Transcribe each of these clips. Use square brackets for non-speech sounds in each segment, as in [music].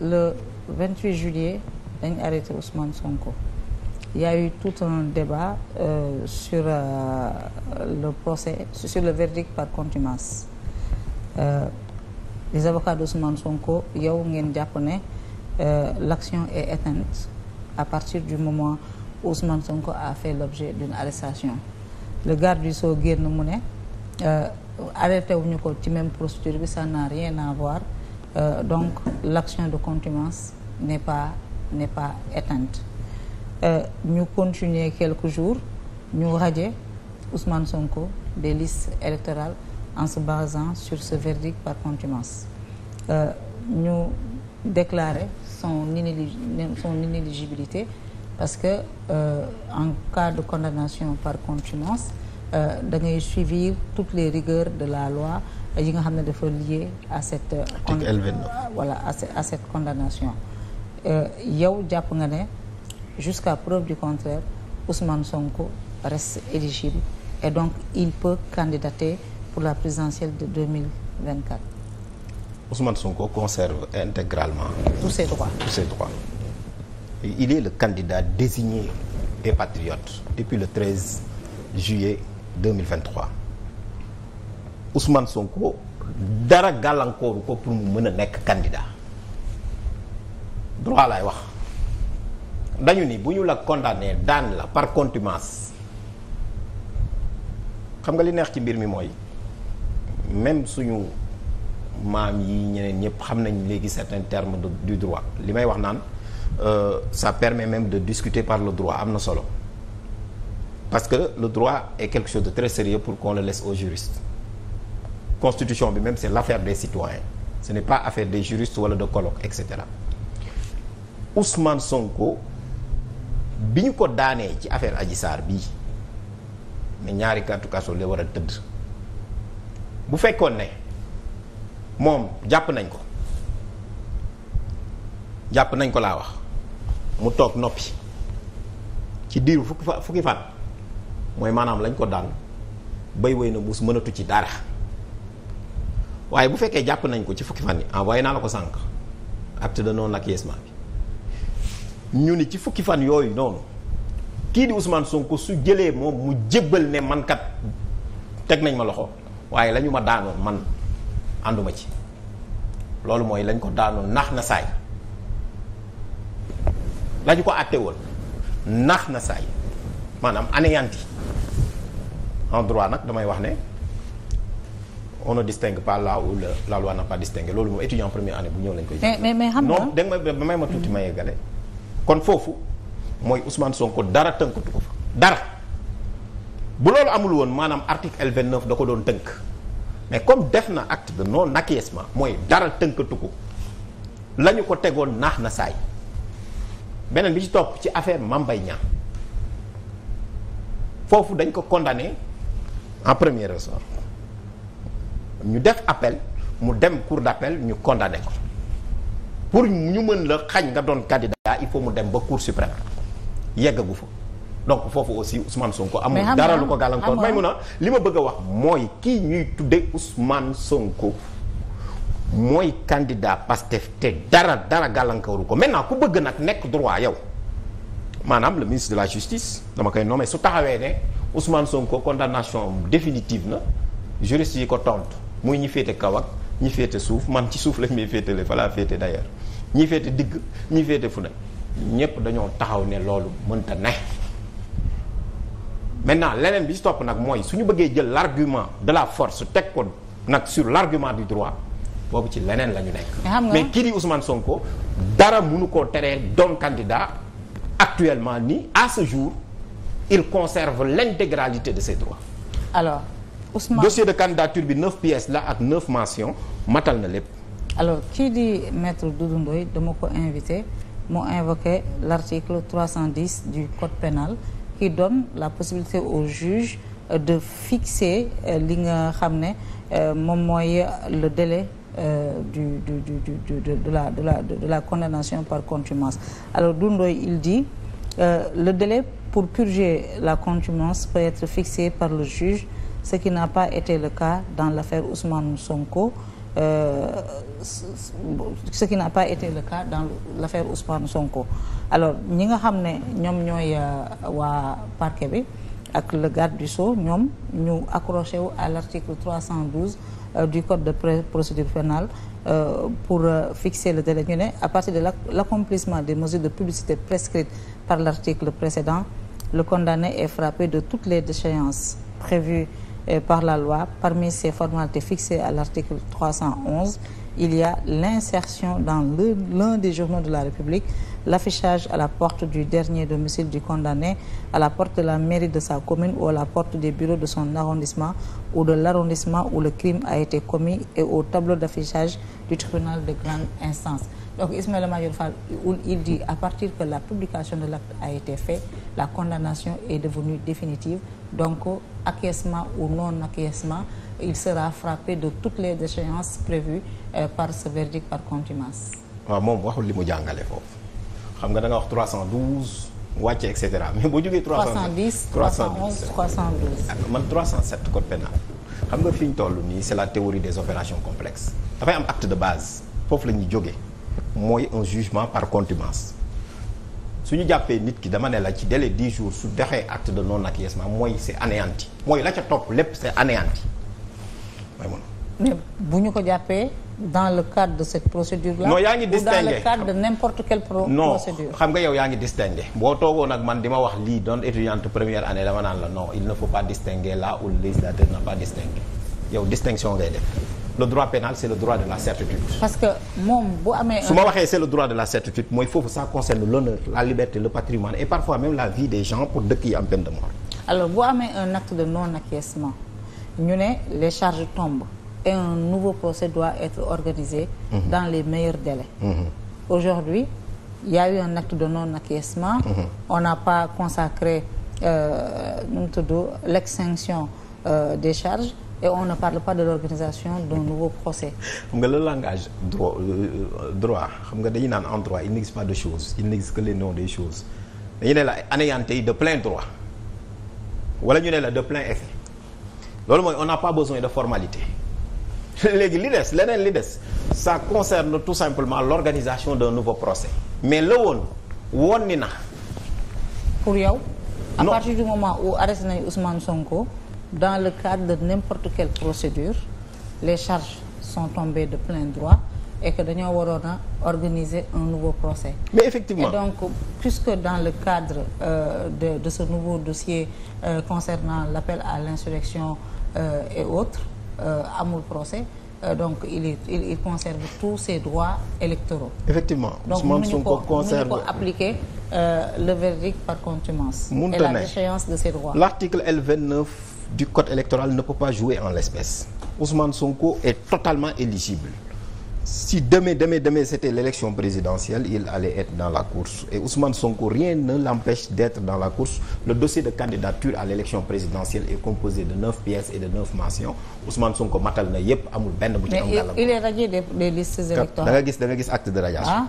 le 28 juillet dañ arrêté Ousmane Sonko il eu tout un débat euh, sur euh, le procès sur le verdict par contumace euh, les avocats d'Ousmane Sonko yow ngeen jàpp ne euh, l'action et éteinte à partir du moment où Ousmane Sonko a fait l'objet d'une arrestation le garde du sceau génn mu ne euh, arrêté wuñu ko ci même procédure bi ça n'a rien à voir Euh, donc l'action de contumace n'est pas n'est pas éteinte euh, ñu euh, continuer quelques jours ñu radier Ousmane Sonko des listes électorales en se basant sur ce verdict par contumace euh, ñu euh, déclarer son son inéligibilité parce que euh, en cas de condamnation par contumace da ngay suivre toutes les rigueurs de la loi yi nga xam ne dafa lié à cette voilà à cette condamnation euh, yow jàpp nga ne jusqu'à preuve du contraire Ousmane Sonko reste éligible et donc il peut candidater pour la présidentielle de 2024 Ousmane Sonko conserve intégralement tous ses droits tous il est le candidat désigné des patriotes depuis le 13 juillet 2023 Ousmane Sonko dara gàllankooru ko pour mu mën a nekk candidat droit laay wax dañu nii bu ñu la condamné daan la par contumace xam nga li neex ci mbir mi mooy même suñu maam yi ñeneen ñëpp xam nañ léegi certains termes du droit li may wax naan euh, ça permet même de discuter par le droit am na solo parce que le droit est quelque chose de très sérieux pour qu'on le laisse aux juristes constitution bi même c'est l'affaire de citoyens ce n'est pas affaire des juristes wala de colloque et cetera Sonko bi ñu ko daanee ci affaire Adji Sarr bii mais ñaari kàttu la war a tëdd bu fekkoon ne moom jàpp nañ ko jàpp nañ ko laa wax mu toog noppi ci diiru fukki fa fukki fan mooy maanaam lañ ko daan bay way na muus mënatu ci dara waaye bu fekkee jàpp nañ ko ci fukki fan yi envoyé naa la ko sànq acte de non acquiescement bi ñu ni ci fukki fan yooyu noonu kii di Ousmane Sonko su jëlee moom mu jébbal ne mankat teg nañ ma loxo waaye lañu ma daanoon man ànduma ci loolu mooy lañ ko daanoon nax na saay la ko àtte woon nax na saay maanaam anéanti en droit nag damay wax ne on ne distingue pas là où le, la loi n'a pas distingué loolu moom étudiant première année bu ñëw lañ koy. mais mais mais xam nga non danga may may ma tuuti ma yeggale. kon foofu mooy Ousmane Sonko dara tënkatu ko fa dara bu loolu amul woon maanaam article L29 da ko doon tënk mais comme def na acte de non acquiescement mooy dara tënkatu ko la ñu ko tegoon naax na saay beneen bi ci topp ci affaire Mame Mbaye Niang foofu dañ ko condamné en premier ressort. ñu def appel mu dem cour d'appel ñu condamné ko pour ñu mën la xañ nga doon candidat il faut mu dem ba cour suprême yeggagu fa donc foofu aussi Ousmane Sonko amul dara lu ko gàllankoor may mun a li ma bëgg a wax mooy kii ñuy tudde Ousmane Sonko mooy candidat Pastef te dara dara gàllankooru ko maintenant ku bëgg nag nekk droit yow maanaam le ministre de la justice dama koy nommé su taxawee ne Ousmane Sonko condamnation définitive na juriste yi ko tontu. muy ñi féete kaw ak ñi féete suuf man ci suuf lañ may féete fa laa féete d'ailleurs ñi féete digg ñi féete fu ne ñëpp dañoo taxaw ne loolu mënta ne. maintenant leneen bi si topp nag mooy su ñu bëggee jël l'argument de la force teg ko nag sur l'argument du droit boobu ci leneen la ñu nekk. mais kii di Ousmane Sonko dara munu koo teree doon candidat actuellement ni à ce jour il conserve l'intégralité de ses droits. Ousmane dossier de candidature bi neuf pièces la ak neuf mentions matal na lépp. alors kii di maître Doudou Ndoye dama ko invité mu invoqué l' article 310 du code pénal qui donne la possibilité au juge de fixer euh, li nga xam ne euh, moom mooy le délai euh, du du du du de la de la de la condamnation par contumace alors Doudou Ndoye il dit euh, le délai pour purger la contumace peut être fixé par le juge ce qui n'a pas été le cas dans l'affaire Ousmane Sonko euh, ce qui n'a pas été le cas dans l'affaire Ousmane Sonko alors ñi nga xam ne ñoom ñooy euh, waa parquet bi ak le garde du Sceau ñoom ñu accroché wu à l'article 312 euh, du code de procédure pénale euh, pour euh, fixer le délai ñu ne à partir de l'accomplissement des mesures de publicité prescrites par l'article précédent le condamné est frappé de toutes les déchéances prévues par la loi. Parmi ces formalités fixées à l'article 311, il y a l'insertion dans l'un des journaux de la République, l'affichage à la porte du dernier domicile du condamné, à la porte de la mairie de sa commune ou à la porte des bureaux de son arrondissement ou de l'arrondissement où le crime a été commis et au tableau d'affichage du tribunal de grande instance. Donc Ismaël Major Fall, il dit à partir que la publication de l'acte a été faite, la condamnation est devenue définitive donc acquiescement ou non acquiescement il sera frappé de toutes les déchéances prévues euh, par ce verdict par contumace waaw moom waxul li mu jàngale foofu xam nga da nga wax 312 wàcce et cetera mais boo jógee 310 311 312 man 307 code pénal xam nga fi ñu toll nii c'est la théorie des opérations complexes dafay am acte de base foofu la ñuy jógee mooy un jugement par contumace su ñu jàppee nit ki dama ne la ci délai 10 jours su defee acte de non acquiescement mooy c'est anéanti mooy la ca topp lépp c'est anéanti may mun bu ñu ko jàppee dans le cadre de cette procédure là. non yaa ngi distingué dans le cadre de n'importe quelle non xam nga yow yaa ngi distingué. boo toogoon ak man di ma wax lii doon étudiante première année dama naan la non il ne faut pas distinguer là où le législateur n'a pas distingué yow distinction ngay def. le droit pénal c'est le droit de la certitude. parce que moom bu amee. su ma waxee c'est le droit de la certitude mooy foofu ça concerne l'honneur la liberté le patrimoine et parfois même la vie des gens pour dëkk yi am peine de mort. alors bu un acte de non acquiescement ñu ne les charges tombent et un nouveau procès doit être organisé. Mm -hmm. dans les meilleurs délais. Mhm. aujourd'hui il y a eu un acte de non acquiescement. Mm -hmm. on n'a pas consacré euh, nu mu tudd l'extinction euh, des charges. et on ne parle pas de l'organisation d'un nouveau procès. xam nga le langage euh, droit xam nga dañuy naan en droit il n'existe pas de choses il n'existe que les noms des choses dañu ne la anéanti de plein droit wala ñu ne la de plein effet loolu mooy on n'a pas besoin de formalité [laughs] léegi li des leneen li des ça concerne tout simplement l'organisation d'un nouveau procès mais la woon woon ni na pour yow à partir du moment où arrêté nañu Ousmane Sonko dans le cadre de n'importe quelle procédure les charges sont tombées de plein droit que dañoo waroon organiser un nouveau procès. mais effectivement et donc puisque dans le cadre euh, de de ce nouveau dossier euh, concernant l'appel à l'insurrection euh, euh amul procès euh, donc il est il, il conserve a ne euh, et la déchéance de ses droits. du code électoral ne peut pas jouer en l'espèce Ousmane Sonko est totalement éligible si demain demain c'était l'élection présidentielle il allait être dans la course et Ousmane Sonko rien ne l'empêche d'être dans la course le dossier de candidature à l'élection présidentielle est composé de neuf pièces et de neuf mentions Ousmane Sonko matal na yépp amul benn bu ci am gàllankoor mais il est radié des listes électorales da nga gis da nga gis acte de radiation ah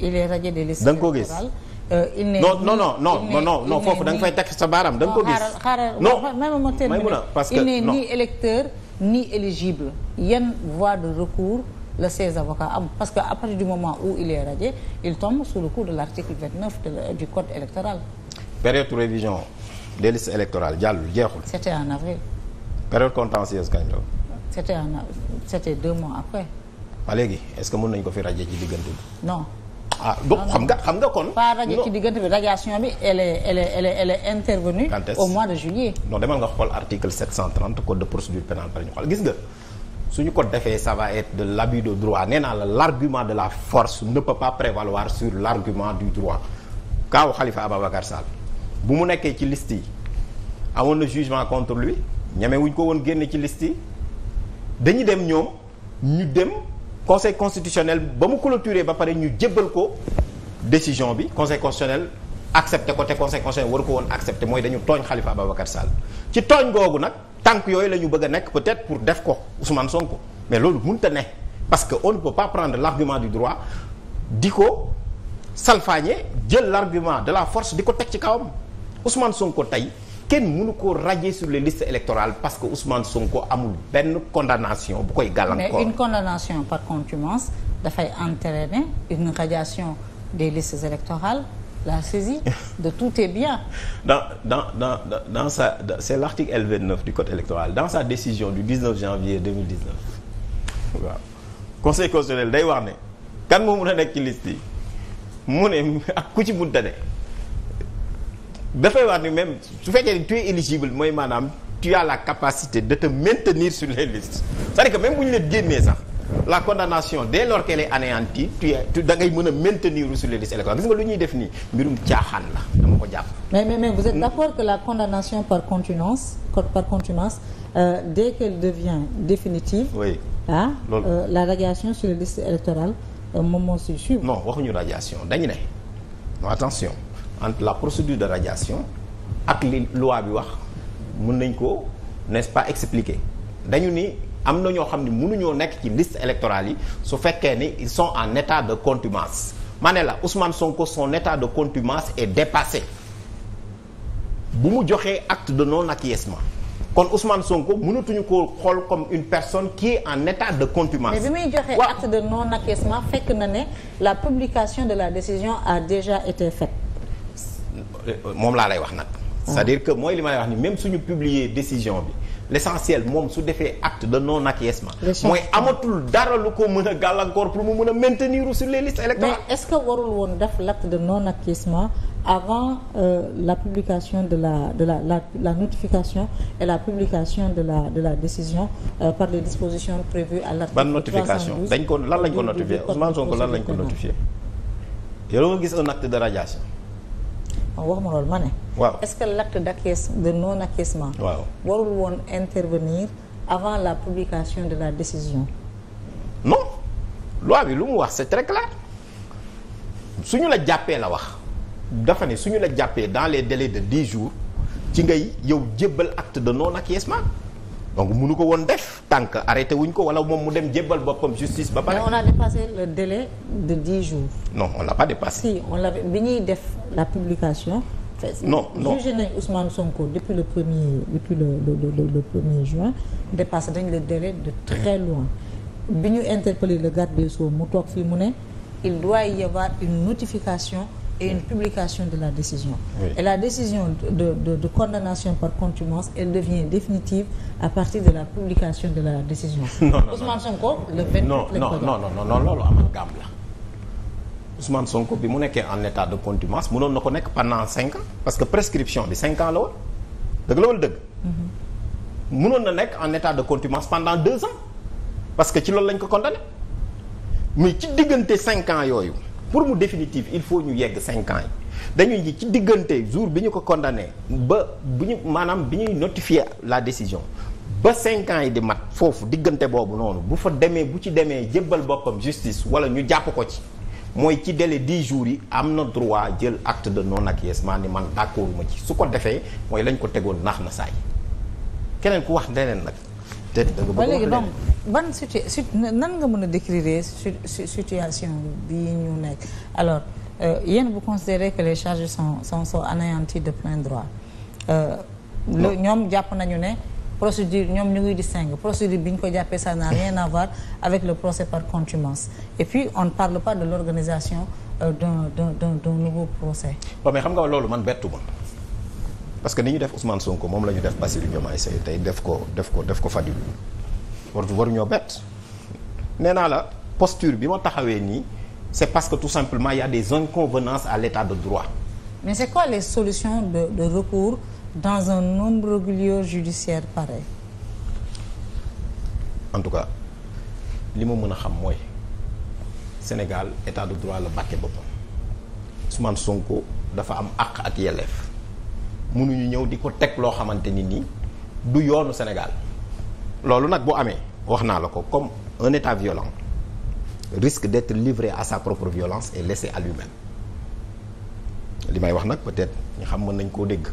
il est radié des listes électorales da Euh, il n'est non non non non non non foofu da fay teg sa baaraam da ko gis. xaaral xaaral même ma terminer parce que il n'est ni électeur ni éligible yan voie de recours la ses avocats am parce que à partir du moment où il est radié il tombe sous le coup de l'article 29 de, du code électoral. période révision des listes électorales jàllul jeexul. c'était en avril. période contentieuse kañ la. c'était en c'était deux mois après. ba léegi est-ce que mën nañ ko fi radié ci diggante bi. ah donc xam nga xam nga kon. pas rajo ci diggante bi radiation bi elle est elle est elle est elle est intervenue. au mois de juillet. non demal nga xool article 730 code de procédure pénale pare ñu xool gis nga suñu ko defee ça va être de l'abus de droit nee naa la l'argument de la force ne peut pas prévaloir sur l'argument du droit. kaaw Khalifa Ababacar Sall bu mu nekkee ci liste yi amoon na jugement contre lui ñeme wuñ ko woon génne ci liste yi dañu dem ñoom ñu dem. conseil constitutionnel ba mu clôturer ba pare ñu jébbal ko décision bi conseil constitutionnel accepté ko te conseil war waru ko woon accepté mooy dañu tooñ Khalifa Ababacar Sall ci tooñ googu nag tànk yooyu la ñu bëgg a nekk peut-être pour def ko Ousmane Sonko mais loolu mënut a ne parce que on ne peut pas prendre l'argument du droit di ko salfaañe jël l'argument de la force di ko teg ci kawam Ousmane Sonko tey. kenn mënu ko radier sur les listes électorales parce que Ousmane Sonko amul benn condamnation bu koy gàllankoor. mais une condamnation par contumace dafay entraîner une radiation des listes électorales la saisi de tout tes biens. [laughs] dans dans dans dans sa c'est l'article L29 du code électoral dans sa décision du 19 janvier 2019 waaw conseil constitutionnel day wax ne kan moo mën a nekk ci liste yi mu ne ak ku ci munta ne dafay wax ni même su fekkee ni tu es éligible mooy maanaam tu as la capacité de te maintenir sur les listes c'est-à-dire que même bu ñu leen génnee sax la condamnation dès lors qu'elle est anéantie tu da ngay mën a maintenir sur les ñuy def nii mbirum caaxaan la dama ko jàpp. mais mais mais vous êtes hmm? d'accord que la condamnation par contumace par contumace euh, dès qu'elle devient définitive. oui ah euh, la radiation sur les listes électorales euh, moom moo siy suivre. non waxuñu radiation dañu ne attention. entre la procédure de radiation ak li loi bi wax mun nañ ko pas expliquer dañu ni am na ñoo xam ne mënuñoo nekk ci liste électorale yi su fekkee ni ils sont en état de contumace ma ne la Ousmane Sonko son état de contumace est dépassé bu mu joxee acte de non acquiescement kon son Sonko mënatuñu ko xool comme une personne qui est en état de contumace. mais bi muy joxe acte de non acquiescement fekk na ne la publication de la décision a déjà été faite. moom laa lay wax nag. c'est-à-dire que mooy li ma lay nii ni même suñu publier décision bi l'essentiel moom su defee acte de non acquiescement. mooy amatul dara lu ko mën a gàllankoor pour mu mën a maintenir sur les listes électorales. mais est-ce que warul woon def l'acte de non acquiescement avant euh, la publication de la de la la la notification et la publication de la de la décision euh, par les dispositions prévues à l'article. ban notification dañ ko lan lañ ko notifié Ousmane Sonko lan lañ ko notifié. yow gis un acte de Ah, waxuma loolu ma ne. waaw est-ce que l'acte d'acquiescement de non acquiescement. waaw warul woon intervenir avant la publication de la décision. non loi bi lu mu wax c'est très clair suñu la jàppee la wax dafa ne suñu la jàppee dans les délais de dix jours ci ngay yow jébbal acte de non acquiescement. donc mënu ko woon def tant que arrêté wuñ ko wala moom mu dem jébbal boppam justice ba pare. mais on a dépassé le délai de dix jours. non on l'a pas dépassé. si on bi ñuy def la publication. non non jugé nañ Ousmane Sonko depuis le premier depuis le le le le premier juin dépassé nañ le délai de très loin bi ñu interpellé le garde des mu toog fii mu ne il doit y avoir une notification. et une publication de la décision. Oui. Et décision de, de, de condamnation par contumace, elle devient définitive à partir de la publication de la décision. [laughs] non non Ousmane Sonko le fait. non non non non non loolu amalgame la. bi mu nekkee en état de contumace mënoon na ko nekk pendant cinq ans parce que prescription bi cinq ans la woon dëgg la wala dëgg. Mhm. mënoon na nekk en état de contumace pendant deux ans parce que ci loolu lañ ko condamné mais ci diggante cinq ans yooyu. pour mu définitive il faut ñu yegg cinq ans yi dañuy ji ci diggante jour bi ñu ko condamné ba bu ñu maanaam bi ñuy notifier la décision ba cinq ans yi di mat foofu diggante boobu noonu bu fa demee bu ci demee jébbal boppam justice wala ñu jàpp ko ci mooy ci dele 10 jours yi am na trois jël acte de non acquiescement ni man d'accord ma ci su ko defee mooy lañ ko tegoon naax na saay keneen ku wax leneen nag te dëgg ba léegi donc ban situa nan nga mën a décrirer situation bi ñu nekk alors euh, yéen bu considérer que les charges son sont sont de plein droit euh, le ñoom jàpp nañu ne procédure ñoom ñu ngi distingue procédure bi ñu ko jàppee ça n'a rien à voir avec le procès par continuence et puis on ne parle pas de l'organisation euh, d'un d'un d'un nouveau procès waaw mais xam nga loolu man bettuma parce que ni ñu def Ousmane Sonko moom la ñu def Bassirou Diomaye Faye tey def ko def ko def ko Fadilou war waruñoo bett nee naa la posture bi ma taxawee nii c'est parce que tout simplement il y a des inconvenances à l'état de droit mais c'est quoi les solutions de, de dans un nombre régulier judiciaire pareil en tout cas li ma mën a xam mooy Sénégal état de droit la bàkke boppam Ousmane Sonko dafa am àq ak yelleef mënuñu ñëw di ko teg loo xamante ni nii du yoonu Sénégal loolu nag bu amee wax naa la ko comme un état violent risque d'être livré à sa propre violence et laissé à li may wax nag peut-être ñu xam man nañ koo dégg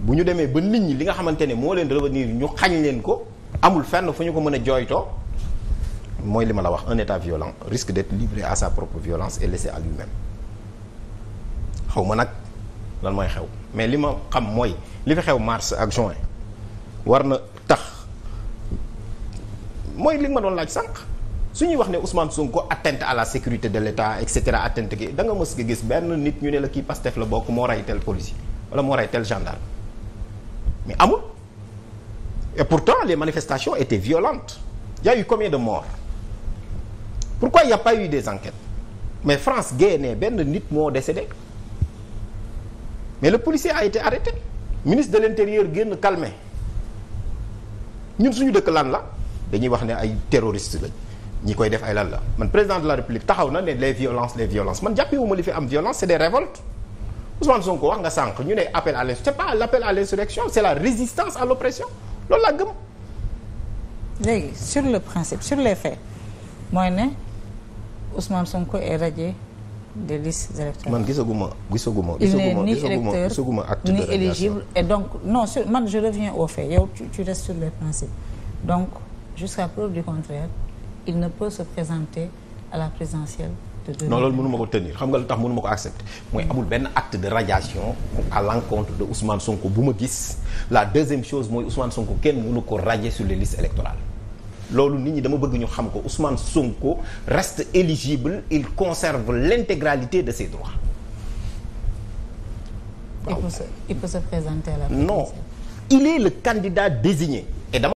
bu ñu demee ba nit ñi li nga xamante ne moo leen revenir ñu xañ leen ko amul fenn fu ñu ko mën a jooytoo mooy li ma la wax un état violent risque d'être livré à sa propre violence et laissé à xaw ma nag lan mooy xew mais li ma xam mooy li fi xew mars ak juin war na mooy li ma doon laaj sànq su ñuy wax ne Ousmane Sonko atteinte à la sécurité de l'État et cetera atteinte gi da nga mës nga gis benn nit ñu ne la kiy Pastef la bokk moo rey tel policier wala moo rey tel gendarme mais amul et pourtant les manifestations étaient violentes il y a de morts pourquoi il n'y a des enquêtes mais France génnee benn nit moo décédé mais le policier a été arrêté le ministre de l'intérieur génn calmé ñun suñu dëkk lan la dañuy wax ne ay terroristes lañ ñi koy def ay lan la man président de la république taxaw na ne les violences les violences man jàppee wu ma li fi am violence c'est des révoltes Ousmane Sonko wax nga sànq ñu ne appel à l'insurrection c'est pas l'appel à l'insurrection c'est la résistance à l'oppression loolu laa gëm. sur le principe sur les faits mooy ne Ousmane Sonko est radié des listes électorales. man gisaguma gisaguma. gisaguma gisaguma gisaguma acte de radiation il n'est ni éligible et donc non sur man je reviens au fait yow tu, tu donc. jusqu'à preuve du contraire il ne peut se présenter à la présidentielle de 2024 non loolu mënu ma ko tenir xam nga lu tax mënu ma ko accepter mooy amul benn acte de radiation à l'encontre de Ousmane Sonko bu ma gis la deuxième chose mooy Ousmane Sonko kenn mënu ko radier sur les listes électorales loolu nit ñi dama bëgg ñu xam ko Ousmane Sonko reste éligible il conserve l'intégralité de ses droits. la présidentielle. non il est le candidat désigné